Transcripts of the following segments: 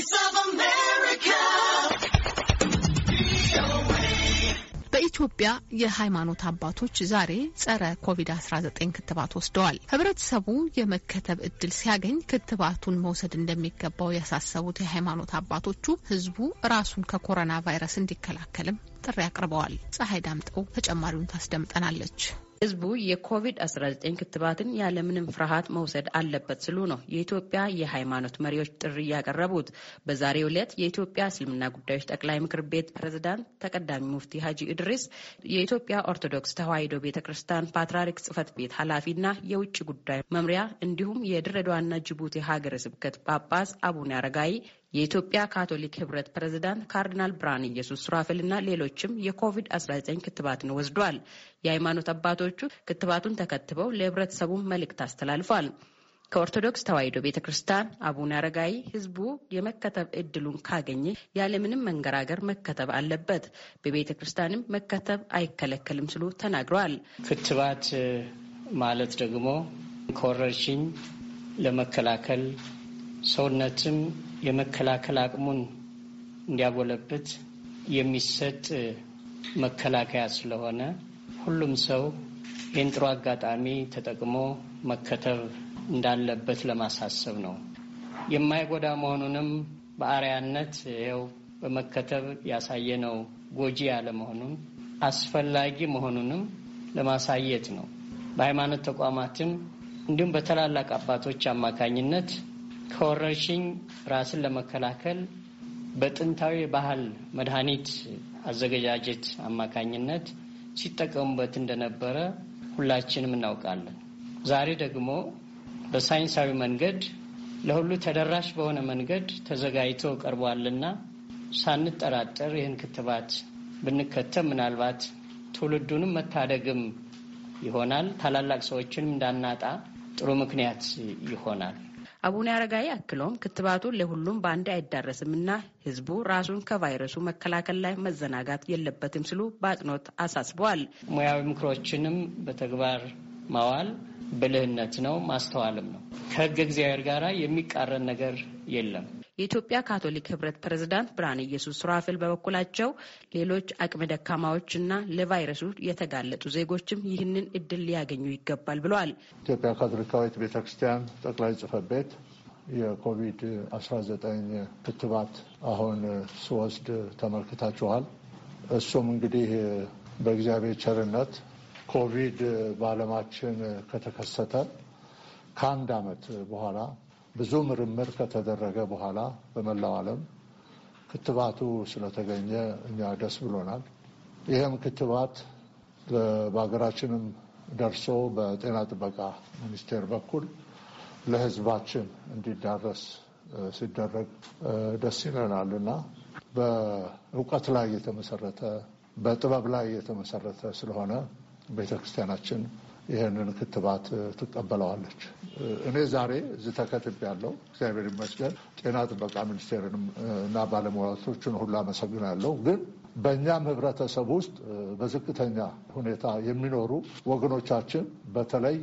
Voice of America. በኢትዮጵያ የሃይማኖት አባቶች ዛሬ ጸረ ኮቪድ-19 ክትባት ወስደዋል። ህብረተሰቡ የመከተብ እድል ሲያገኝ ክትባቱን መውሰድ እንደሚገባው ያሳሰቡት የሃይማኖት አባቶቹ ህዝቡ ራሱን ከኮሮና ቫይረስ እንዲከላከልም ጥሪ አቅርበዋል። ፀሐይ ዳምጠው ተጨማሪውን ታስደምጠናለች። ህዝቡ የኮቪድ-19 ክትባትን ያለምንም ፍርሃት መውሰድ አለበት ስሉ ነው የኢትዮጵያ የሃይማኖት መሪዎች ጥሪ ያቀረቡት። በዛሬው ዕለት የኢትዮጵያ እስልምና ጉዳዮች ጠቅላይ ምክር ቤት ፕሬዝዳንት ተቀዳሚ ሙፍቲ ሀጂ እድሪስ፣ የኢትዮጵያ ኦርቶዶክስ ተዋሕዶ ቤተ ክርስቲያን ፓትርያርክ ጽህፈት ቤት ኃላፊና የውጭ ጉዳይ መምሪያ እንዲሁም የድሬዳዋና ጅቡቲ ሀገረ ስብከት ጳጳስ አቡነ አረጋይ የኢትዮጵያ ካቶሊክ ህብረት ፕሬዝዳንት ካርዲናል ብርሃነ ኢየሱስ እና ሌሎችም የኮቪድ-19 ክትባትን ወስዷል። የሃይማኖት አባቶቹ ክትባቱን ተከትበው ለህብረተሰቡ መልእክት አስተላልፏል። ከኦርቶዶክስ ተዋሕዶ ቤተ ክርስቲያን አቡነ አረጋዊ ህዝቡ የመከተብ እድሉን ካገኘ ያለምንም መንገራገር መከተብ አለበት፣ በቤተ ክርስቲያንም መከተብ አይከለከልም ሲሉ ተናግረዋል። ክትባት ማለት ደግሞ ከወረርሽኝ ለመከላከል ሰውነትም የመከላከል አቅሙን እንዲያጎለብት የሚሰጥ መከላከያ ስለሆነ ሁሉም ሰው ይህን ጥሩ አጋጣሚ ተጠቅሞ መከተብ እንዳለበት ለማሳሰብ ነው። የማይጎዳ መሆኑንም በአርያነት ይኸው በመከተብ ያሳየነው ጎጂ ያለመሆኑን አስፈላጊ መሆኑንም ለማሳየት ነው። በሃይማኖት ተቋማትም እንዲሁም በታላላቅ አባቶች አማካኝነት ከወረርሽኝ ራስን ለመከላከል በጥንታዊ ባህል መድኃኒት አዘገጃጀት አማካኝነት ሲጠቀሙበት እንደነበረ ሁላችንም እናውቃለን። ዛሬ ደግሞ በሳይንሳዊ መንገድ ለሁሉ ተደራሽ በሆነ መንገድ ተዘጋጅቶ ቀርቧልና ሳንጠራጠር ይህን ክትባት ብንከተብ ምናልባት ትውልዱንም መታደግም ይሆናል። ታላላቅ ሰዎችንም እንዳናጣ ጥሩ ምክንያት ይሆናል። አቡነ አረጋዊ አክለውም ክትባቱ ለሁሉም በአንድ አይዳረስም እና ህዝቡ ራሱን ከቫይረሱ መከላከል ላይ መዘናጋት የለበትም ሲሉ በአጽንኦት አሳስበዋል። ሙያዊ ምክሮችንም በተግባር ማዋል ብልህነት ነው፣ ማስተዋልም ነው። ከህገ እግዚአብሔር ጋር የሚቃረን ነገር የለም። የኢትዮጵያ ካቶሊክ ህብረት ፕሬዝዳንት ብርሃነ ኢየሱስ ሱራፌል በበኩላቸው ሌሎች አቅመ ደካማዎችና ለቫይረሱ የተጋለጡ ዜጎችም ይህንን እድል ሊያገኙ ይገባል ብለዋል። ኢትዮጵያ ካቶሊካዊት ቤተክርስቲያን ጠቅላይ ጽፈት ቤት የኮቪድ-19 ክትባት አሁን ስወስድ ተመልክታችኋል። እሱም እንግዲህ በእግዚአብሔር ቸርነት ኮቪድ በዓለማችን ከተከሰተ ከአንድ ዓመት በኋላ ብዙ ምርምር ከተደረገ በኋላ በመላው ዓለም ክትባቱ ስለተገኘ እኛ ደስ ብሎናል። ይህም ክትባት በሀገራችንም ደርሶ በጤና ጥበቃ ሚኒስቴር በኩል ለሕዝባችን እንዲዳረስ ሲደረግ ደስ ይለናል እና በእውቀት ላይ የተመሰረተ በጥበብ ላይ የተመሰረተ ስለሆነ ቤተክርስቲያናችን ይህንን ክትባት ትቀበለዋለች። እኔ ዛሬ እዚህ ተከትብ ያለው እግዚአብሔር ይመስገን ጤና ጥበቃ ሚኒስቴርንም እና ባለሙያቶችን ሁሉ አመሰግናለሁ። ግን በእኛም ህብረተሰብ ውስጥ በዝቅተኛ ሁኔታ የሚኖሩ ወገኖቻችን በተለይ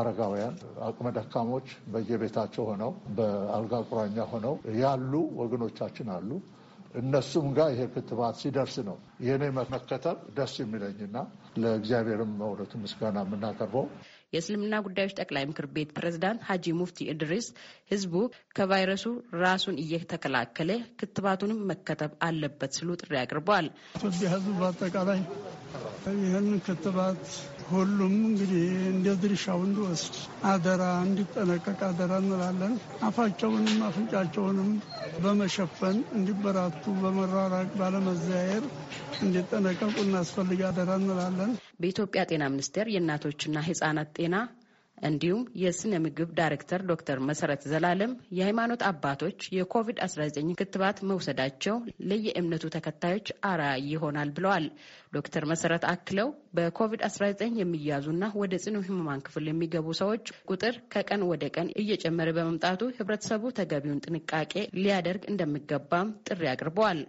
አረጋውያን፣ አቅመ ደካሞች በየቤታቸው ሆነው በአልጋ ቁራኛ ሆነው ያሉ ወገኖቻችን አሉ። እነሱም ጋር ይሄ ክትባት ሲደርስ ነው ይህኔ መከተብ ደስ የሚለኝና ለእግዚአብሔርም መውለቱ ምስጋና የምናቀርበው። የእስልምና ጉዳዮች ጠቅላይ ምክር ቤት ፕሬዝዳንት ሀጂ ሙፍቲ እድሪስ ህዝቡ ከቫይረሱ ራሱን እየተከላከለ ክትባቱንም መከተብ አለበት ሲሉ ጥሪ አቅርበዋል። ህዝቡ በአጠቃላይ ይህንን ክትባት ሁሉም እንግዲህ እንደ ድርሻው እንዲወስድ አደራ እንዲጠነቀቅ አደራ እንላለን። አፋቸውንም አፍንጫቸውንም በመሸፈን እንዲበራቱ፣ በመራራቅ ባለመዘያየር እንዲጠነቀቁ እናስፈልግ አደራ እንላለን። በኢትዮጵያ ጤና ሚኒስቴር የእናቶችና ሕጻናት ጤና እንዲሁም የስነ ምግብ ዳይሬክተር ዶክተር መሰረት ዘላለም የሃይማኖት አባቶች የኮቪድ-19 ክትባት መውሰዳቸው ለየእምነቱ ተከታዮች አርአያ ይሆናል ብለዋል። ዶክተር መሰረት አክለው በኮቪድ-19 የሚያዙና ወደ ጽኑ ህሙማን ክፍል የሚገቡ ሰዎች ቁጥር ከቀን ወደ ቀን እየጨመረ በመምጣቱ ህብረተሰቡ ተገቢውን ጥንቃቄ ሊያደርግ እንደሚገባም ጥሪ አቅርበዋል።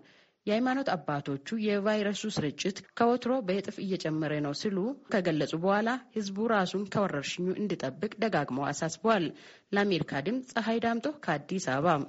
የሃይማኖት አባቶቹ የቫይረሱ ስርጭት ከወትሮ በእጥፍ እየጨመረ ነው ሲሉ ከገለጹ በኋላ ህዝቡ ራሱን ከወረርሽኙ እንዲጠብቅ ደጋግመው አሳስበዋል። ለአሜሪካ ድምፅ ፀሐይ ዳምጦ ከአዲስ አበባ